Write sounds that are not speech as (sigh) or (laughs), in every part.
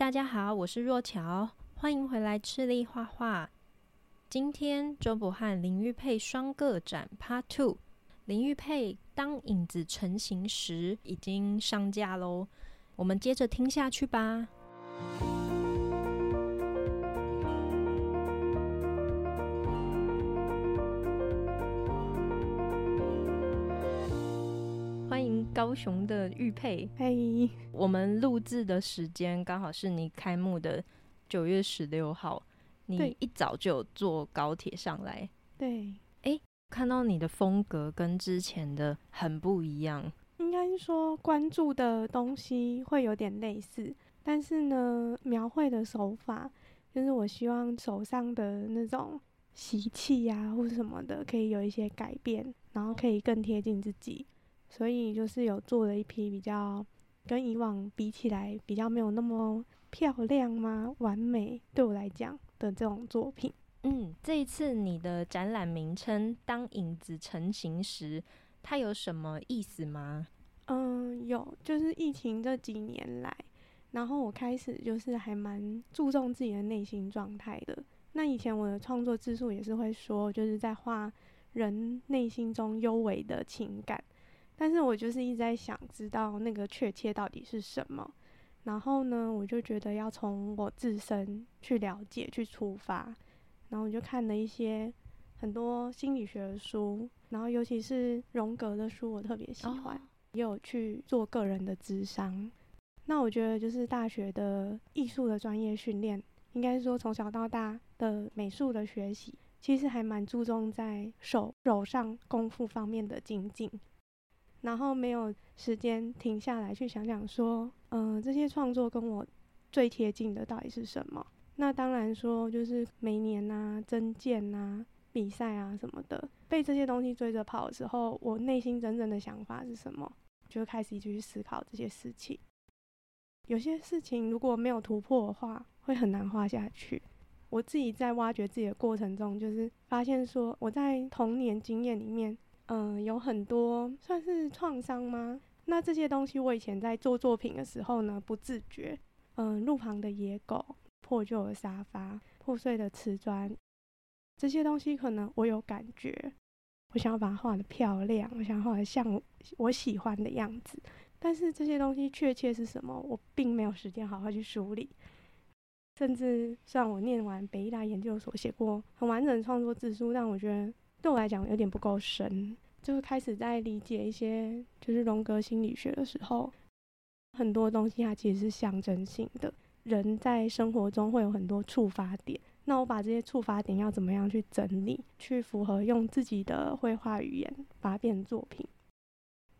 大家好，我是若喬。歡迎回來赤粒話畫。今天周卜翰林郁珮雙個展 Part Two，林郁珮當影子成形時已經上架嘍，我們接着聽下去吧。高雄的郁珮，嘿、欸，我們錄製的時間剛好是你開幕的九月十六號，你一早就有坐高鐵上來，對，誒、欸，看到你的風格跟之前的很不一樣，應該是說關注的東西會有點類似，但是呢，描繪的手法，就是我希望手上的那種習氣呀，或者什麼的，可以有一些改變，然後可以更貼近自己。所以就是有做了一批比較跟以往比起來比較沒有那麼漂亮嗎？完美，對我來講的這種作品。嗯，這一次你的展覽名稱“當影子成形時”，它有什麼意思嗎？嗯，有，就是疫情這幾年來，然後我開始就是還蠻注重自己的內心狀態的。那以前我的創作自述也是會說，就是在畫人內心中幽微的情感。但是我就是一直在想知道那個確切到底是什麼，然後呢，我就覺得要從我自身去了解去出發，然後我就看了一些很多心理學的書，然後尤其是榮格的書，我特別喜歡。Oh, 也有去做個人的諮商。那我覺得就是大學的藝術的專業訓練，應該說從小到大的美術的學習，其實還蠻注重在手手上功夫方面的精進。然後沒有時間停下來去想想，說，嗯、呃，這些創作跟我最貼近的到底是什麼？那當然說，就是每年吶、啊、徵件吶、啊、比賽啊什麼的，被這些東西追着跑的時候，我內心真正的想法是什麼？就開始一直去思考這些事情。有些事情如果沒有突破的話，會很難畫下去。我自己在挖掘自己的過程中，就是發現說，我在童年經驗裡面。嗯，有很多算是創傷嗎？那這些東西，我以前在做作品的時候呢，不自覺。嗯，路旁的野狗、破舊的沙發、破碎的瓷磚，這些東西可能我有感覺。我想要把它畫得漂亮，我想畫得像我喜歡的樣子。但是這些東西確切是什麼，我並沒有時間好好去梳理。甚至像我念完北藝大研究所，寫過很完整的創作自述，但我覺得。對我來講有點不夠深，就是開始在理解一些就是榮格心理學的時候，很多東西它其實是象徵性的。人在生活中會有很多觸發點，那我把這些觸發點要怎麼樣去整理，去符合用自己的繪畫語言把它變作品。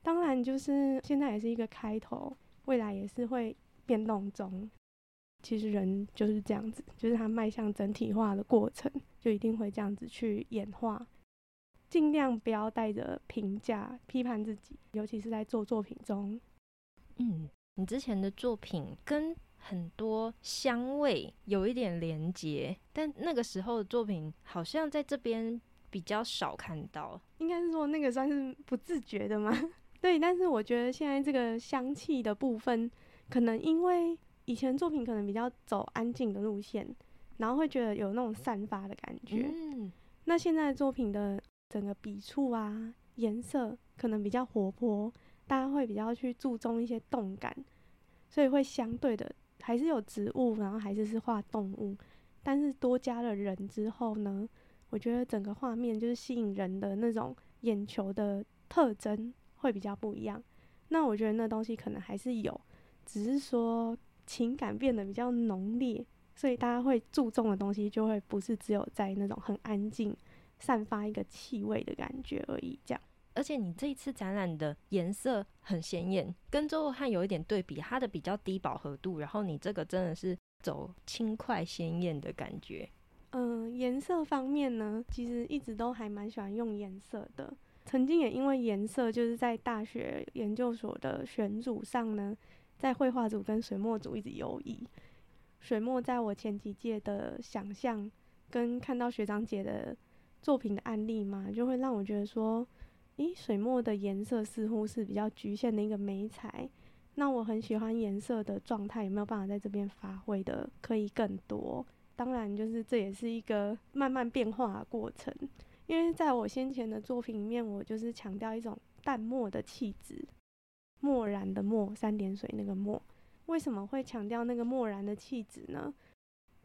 當然，就是現在也是一個開頭，未來也是會變動中。其實人就是這樣子，就是它邁向整體化的過程，就一定會這樣子去演化。盡量不要帶着評價，批判自己，尤其是在做作品中。嗯，你之前的作品跟很多香味有一點連接，但那個時候的作品好像在這邊比較少看到。應該是說那個算是不自覺的嗎？對，但是我覺得現在這個香氣的部分，可能因為以前作品可能比較走安靜的路線，然後會覺得有那種散發的感覺。嗯，那現在作品的，整個筆觸啊，顏色可能比較活潑，大家會比較去注重一些動感，所以會相對的還是有植物，然後還是是畫動物，但是多加了人之後呢，我覺得整個畫面就是吸引人的那種眼球的特徵會比較不一樣。那我覺得那東西可能還是有，只是說情感變得比較濃烈，所以大家會注重的東西就會不是只有在那種很安靜。散發一個氣味的感覺而已，這樣。而且你這一次展覽的顏色很鮮艷，跟周若漢有一點對比，它的比較低飽和度，然後你這個真的是走輕快鮮艷的感覺。嗯、呃，顏色方面呢，其實一直都還蠻喜歡用顏色的。曾經也因為顏色，就是在大學研究所的選組上呢，在繪畫組跟水墨組一直游移。水墨在我前幾屆的想象跟看到學長姐的。作品的案例嘛，就會讓我覺得說，誒，水墨的顏色似乎是比較局限的一個媒材。那我很喜歡顏色的狀態，有沒有辦法在這邊發揮的可以更多？當然，就是這也是一個慢慢變化的過程。因為在我先前的作品裡面，我就是強調一種淡墨的氣質，墨染的墨三點水那個墨，為什麼會強調那個墨染的氣質呢？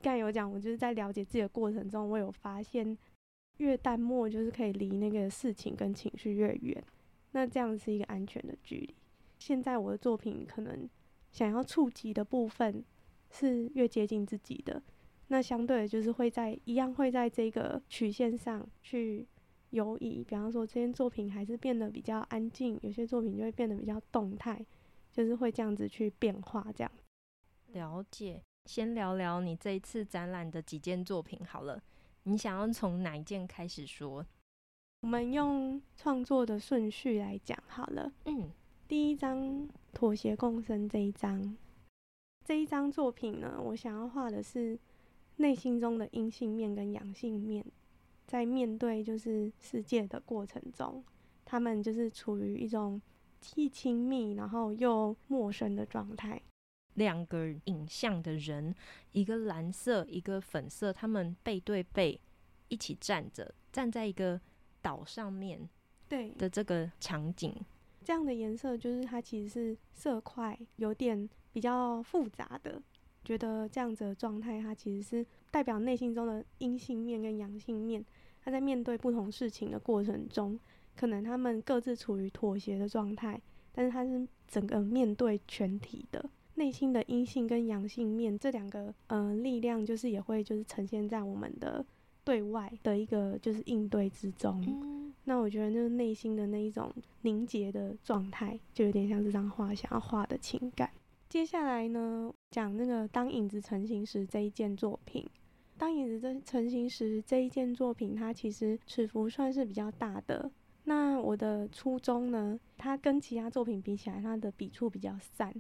剛才有講，我就是在了解自己的過程中，我有發現。越淡漠，就是可以離那個事情跟情緒越遠，那這樣是一個安全的距離。現在我的作品可能想要觸及的部分是越接近自己的，那相對的就是會在一樣會在這個曲線上去游移。比方說，這件作品還是變得比較安靜，有些作品就會變得比較動態，就是會這樣子去變化這樣。了解，先聊聊你這一次展覽的幾件作品好了。你想要從哪一件開始說？我們用創作的順序來講好了。嗯，第一張妥協共生這一張，這一張作品呢，我想要畫的是內心中的陰性面跟陽性面，在面對就是世界的過程中，他們就是處於一種既親密然後又陌生的狀態。兩個影像的人，一個藍色，一個粉色，他們背對背一起站着，站在一個島上面。對的，這個場景，這樣的顏色就是它其實是色塊有點比較複雜的。覺得這樣子的狀態，它其實是代表內心中的陰性面跟陽性面。他在面對不同事情的過程中，可能他們各自處於妥協的狀態，但是他是整個面對全體的。內心的陰性跟陽性面這兩個，呃，力量就是也會就是呈現在我們的對外的一個就是應對之中。嗯、那我覺得，就是內心的那一種凝結的狀態，就有點像這張畫想要畫的情感。接下來呢，講那個當影子成型時這一件作品。當影子成形時這一件作品，它其實尺幅算是比較大的。那我的初衷呢，它跟其他作品比起來，它的筆觸比較散。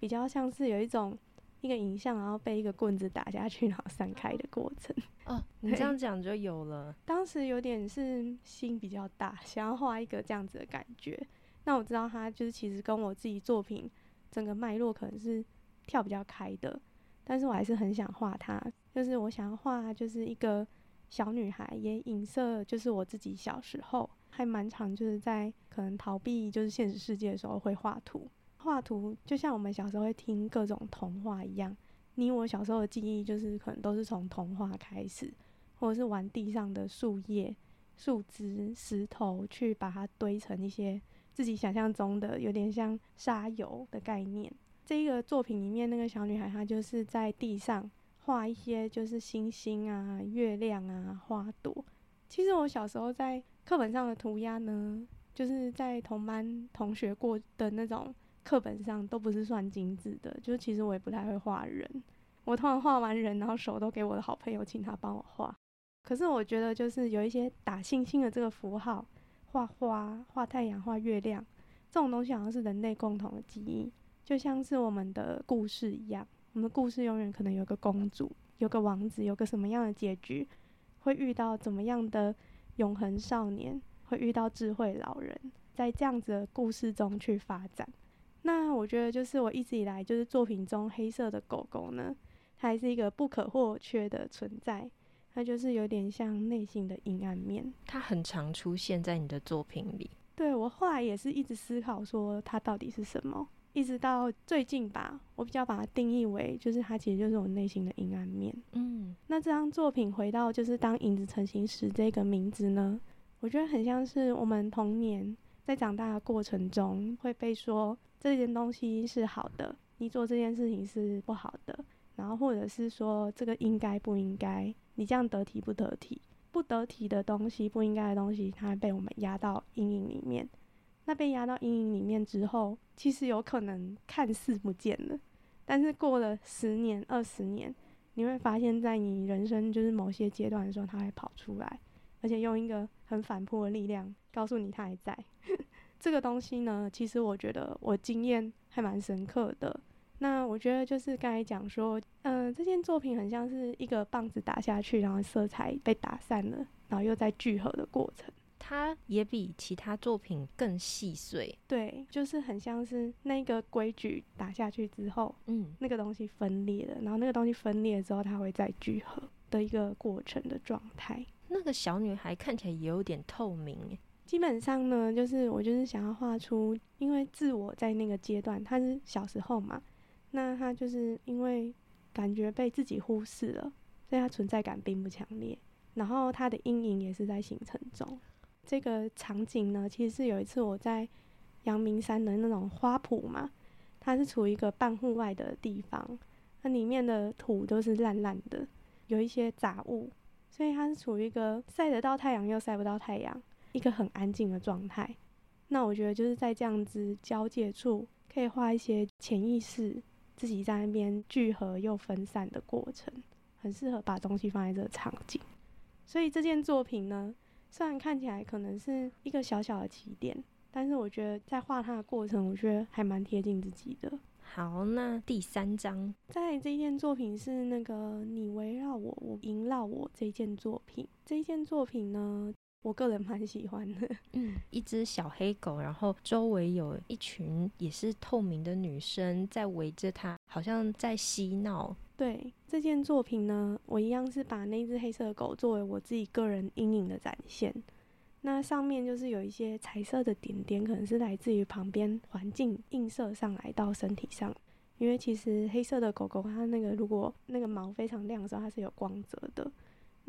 比較像是有一種一個影像，然後被一個棍子打下去，然後散開的過程。哦、oh. oh, 對，你這樣講就有了。當時有點是心比較大，想要畫一個這樣子的感覺。那我知道他就是其實跟我自己作品整個脈絡可能是跳比較開的，但是我還是很想畫他。就是我想要畫就是一個小女孩，也影射就是我自己小時候，還蠻常就是在可能逃避就是現實世界的時候會畫圖。畫圖就像我們小時候會聽各種童話一樣，你我小時候的記憶就是可能都是從童話開始，或者是玩地上的樹葉、樹枝、石頭，去把它堆成一些自己想象中的，有點像沙遊的概念。這一個作品裡面那個小女孩，她就是在地上畫一些就是星星啊、月亮啊、花朵。其實我小時候在課本上的塗鴉呢，就是在同班同學過的那種。課本上都不是算精緻的，就是其實我也不太會畫人。我通常畫完人，然後手都給我的好朋友，請他幫我畫。可是我覺得，就是有一些打星星的這個符號，畫花、畫太陽、畫月亮，這種東西好像是人類共同的記憶，就像是我們的故事一樣。我們的故事永遠可能有個公主，有個王子，有個什麼樣的結局，會遇到怎麼樣的永恆少年，會遇到智慧老人，在這樣子的故事中去發展。那我覺得，就是我一直以來，就是作品中黑色的狗狗呢，它還是一個不可或缺的存在。它就是有點像內心的陰暗面。它很常出現在你的作品裡。對，我後來也是一直思考，說它到底是什麼，一直到最近吧，我比較把它定義為，就是它其實就是我內心的陰暗面。嗯。那這張作品回到，就是當影子成形時這個名字呢，我覺得很像是我們童年在長大的過程中會被說。這件東西是好的，你做這件事情是不好的，然後或者是說這個應該不應該，你這樣得體不得體，不得體的東西，不應該的東西，它會被我們壓到陰影裡面。那被壓到陰影裡面之後，其實有可能看似不見了，但是過了十年、二十年，你會發現在你人生就是某些階段的時候，它會跑出來，而且用一個很反撲的力量告訴你它還在。 (laughs) 這個東西呢，其實我覺得我經驗還蠻深刻的。那我覺得就是剛才講說，嗯、呃，這件作品很像是一個棒子打下去，然後色彩被打散了，然後又在聚合的過程。它也比其他作品更細碎，對，就是很像是那個規矩打下去之後，嗯，那個東西分裂了，然後那個東西分裂了之後，它會再聚合的一個過程的狀態。那個小女孩看起來也有點透明。基本上呢，就是我就是想要畫出，因為自我在那個階段他是小時候嘛，那他就是因為感覺被自己忽視了，所以他存在感並不強烈。然後他的陰影也是在形成中。這個場景呢，其實是有一次我在陽明山的那種花圃嘛，它是處於一個半戶外的地方，那裡面的土都是爛爛的，有一些雜物，所以它是處於一個曬得到太陽又曬不到太陽。一個很安靜的狀態，那我覺得就是在這樣子交界處，可以畫一些潛意識自己在那邊聚合又分散的過程，很適合把東西放在這個場景。所以這件作品呢，雖然看起來可能是一個小小的起點，但是我覺得在畫它的過程，我覺得還蠻貼近自己的。好，那第三張，在這一件作品是那個你圍繞我，我縈繞我這件作品，這件作品呢。我個人蠻喜歡的，嗯，一隻小黑狗，然後周圍有一群也是透明的女生在圍着它，好像在嬉鬧。對，這件作品呢，我一樣是把那隻黑色的狗作為我自己個人陰影的展現。那上面就是有一些彩色的點點，可能是來自於旁邊環境映射上來到身體上。因為其實黑色的狗狗它，那個如果那個毛非常亮的時候，它是有光澤的。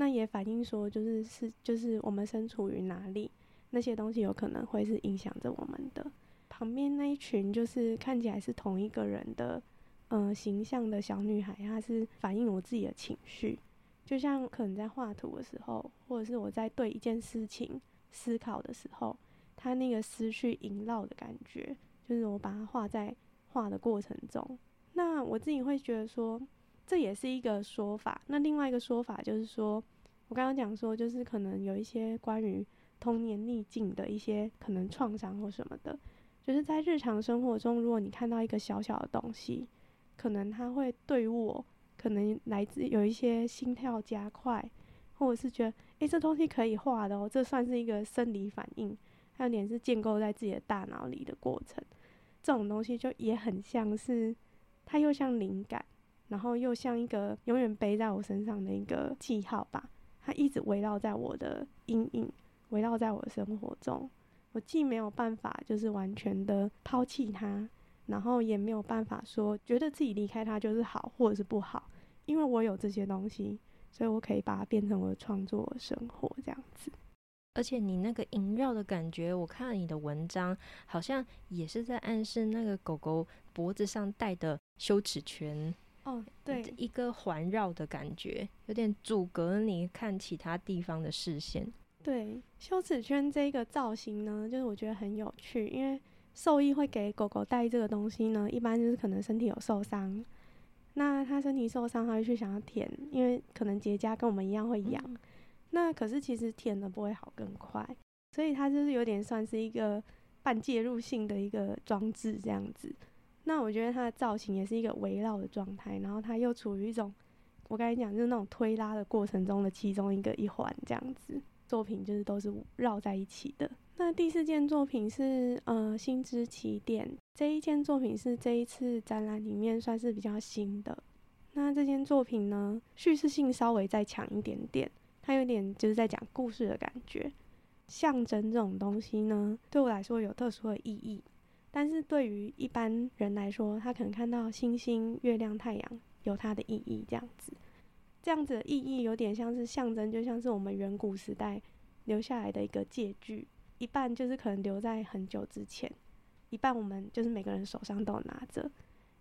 那也反映說，就是是就是我們身處於哪裡，那些東西有可能會是影響着我們的。旁邊那一群就是看起來是同一個人的，嗯、呃，形象的小女孩，她是反映我自己的情緒。就像可能在畫圖的時候，或者是我在對一件事情思考的時候，她那個思緒縈繞的感覺，就是我把它畫在畫的過程中。那我自己會覺得說。這也是一個說法。那另外一個說法就是說，我剛剛講說，就是可能有一些關於童年逆境的一些可能創傷或什麼的，就是在日常生活中，如果你看到一個小小的東西，可能它會對我，可能來自有一些心跳加快，或者是覺得，哎，這東西可以畫的哦，這算是一個生理反應，還有點是建構在自己的大腦裡的過程。這種東西就也很像是，它又像靈感。然後又像一個永遠背在我身上的一個記號吧，它一直圍繞在我的陰影，圍繞在我的生活中。我既沒有辦法就是完全的拋棄它，然後也沒有辦法說覺得自己離開它就是好或者是不好，因為我有這些東西，所以我可以把它變成我的創作生活這樣子。而且你那個縈繞的感覺，我看了你的文章好像也是在暗示那個狗狗脖子上戴的羞恥圈。哦，oh, 對，一個環繞的感覺，有點阻隔，你看其他地方的視線。對，羞恥圈這個造型呢，就是我覺得很有趣，因為獸醫會給狗狗戴這個東西呢，一般就是可能身體有受傷，那它身體受傷，它會去想要舔，因為可能結痂跟我們一樣會癢，嗯、那可是其實舔了不會好更快，所以它就是有點算是一個半介入性的一個裝置這樣子。那我覺得它的造型也是一個圍繞的狀態，然後它又處於一種，我剛才講，就是那種推拉的過程中的其中一個一環這樣子。作品就是都是繞在一起的。那第四件作品是呃星之起點，這一件作品是這一次展覽裡面算是比較新的。那這件作品呢，敘事性稍微再強一點點，它有點就是在講故事的感覺。象徵這種東西呢，對我來說有特殊的意義。但是對於一般人來說，他可能看到星星、月亮、太陽有它的意義，這樣子，這樣子的意義有點像是象徵，就像是我們遠古時代留下來的一個借據，一半就是可能留在很久之前，一半我們就是每個人手上都有拿着。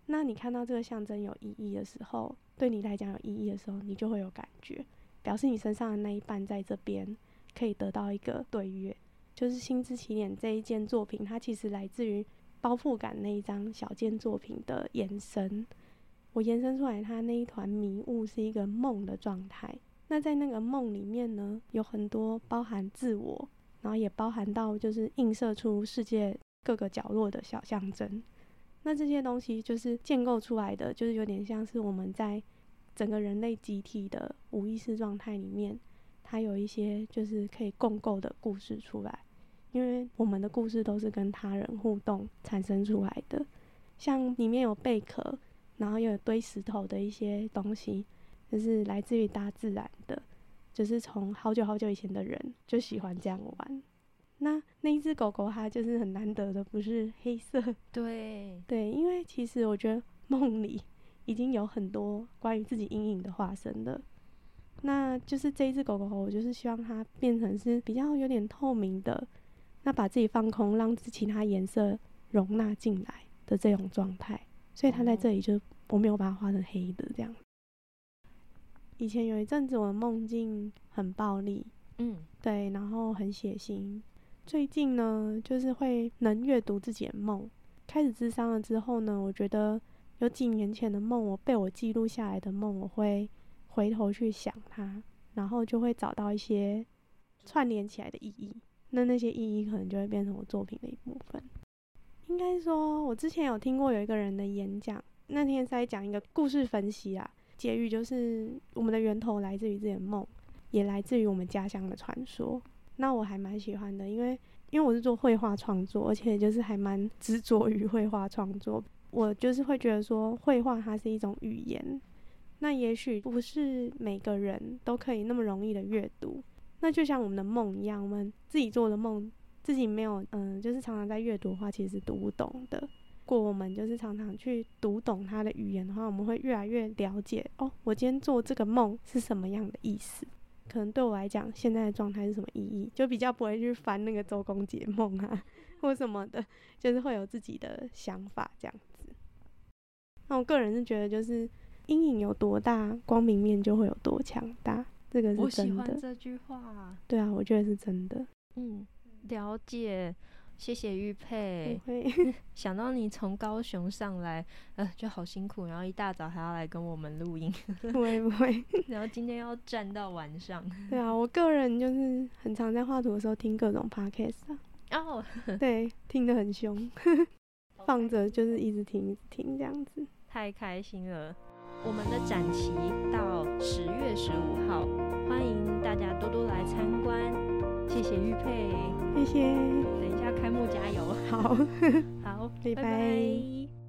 那你看到這個象徵有意義的時候，對你來講有意義的時候，你就會有感覺，表示你身上的那一半在這邊可以得到一個對月，就是《星之起點》這一件作品，它其實來自於。包覆感那一張小件作品的延伸，我延伸出來，它那一團迷霧是一個夢的狀態。那在那個夢裡面呢，有很多包含自我，然後也包含到就是映射出世界各個角落的小象徵。那這些東西就是建構出來的，就是有點像是我們在整個人類集體的無意識狀態裡面，它有一些就是可以共構的故事出來。因為我們的故事都是跟他人互動產生出來的，像裡面有貝殼，然後又有堆石頭的一些東西，就是來自於大自然的，就是從好久好久以前的人就喜歡這樣玩。那那一隻狗狗它就是很難得的，不是黑色，對對，因為其實我覺得夢裡已經有很多關於自己陰影的化身了，那就是這一隻狗狗，我就是希望它變成是比較有點透明的。那把自己放空，讓其他顏色容納進來的這種狀態，所以他在這裡就我沒有把它畫成黑的這樣。嗯、以前有一陣子我的夢境很暴力，嗯，對，然後很血腥。最近呢，就是會能閱讀自己的夢。開始諮商了之後呢，我覺得有幾年前的夢，我被我記錄下來的夢，我會回頭去想它，然後就會找到一些串聯起來的意義。那那些意義可能就會變成我作品的一部分。應該說，我之前有聽過有一個人的演講，那天在講一個故事分析啊，結語就是我們的源頭來自於自己的夢，也來自於我們家鄉的傳說。那我還蠻喜歡的，因為因為我是做繪畫創作，而且就是還蠻執着於繪畫創作。我就是會覺得說，繪畫它是一種語言，那也許不是每個人都可以那麼容易的閱讀。那就像我們的夢一樣，我們自己做的夢，自己沒有嗯，就是常常在閱讀的話，其實讀不懂的。過我們就是常常去讀懂它的語言的話，我們會越來越了解哦。我今天做這個夢是什麼樣的意思？可能對我來講，現在的狀態是什麼意義？就比較不會去翻那個《周公解夢》啊，或什麼的，就是會有自己的想法這樣子。那我個人是覺得，就是陰影有多大，光明面就會有多強大。這個是真的。我喜歡這句話，啊。對啊，我覺得是真的。嗯，了解，謝謝玉佩。欸、 (laughs) 想到你從高雄上來，呃，就好辛苦，然後一大早還要來跟我們錄音， (laughs) 不會不會。然後今天要站到晚上。對啊，我個人就是很常在畫圖的時候聽各種 Podcast，啊。哦、oh， (laughs) 對，聽得很凶， (laughs) Okay. 放着就是一直聽一直聽這樣子，太開心了。我們的展期到十月十五號。歡迎大家多多來參觀，謝謝郁珮，謝謝。等一下開幕加油，好好， (laughs) 好 (laughs) 拜拜。拜拜。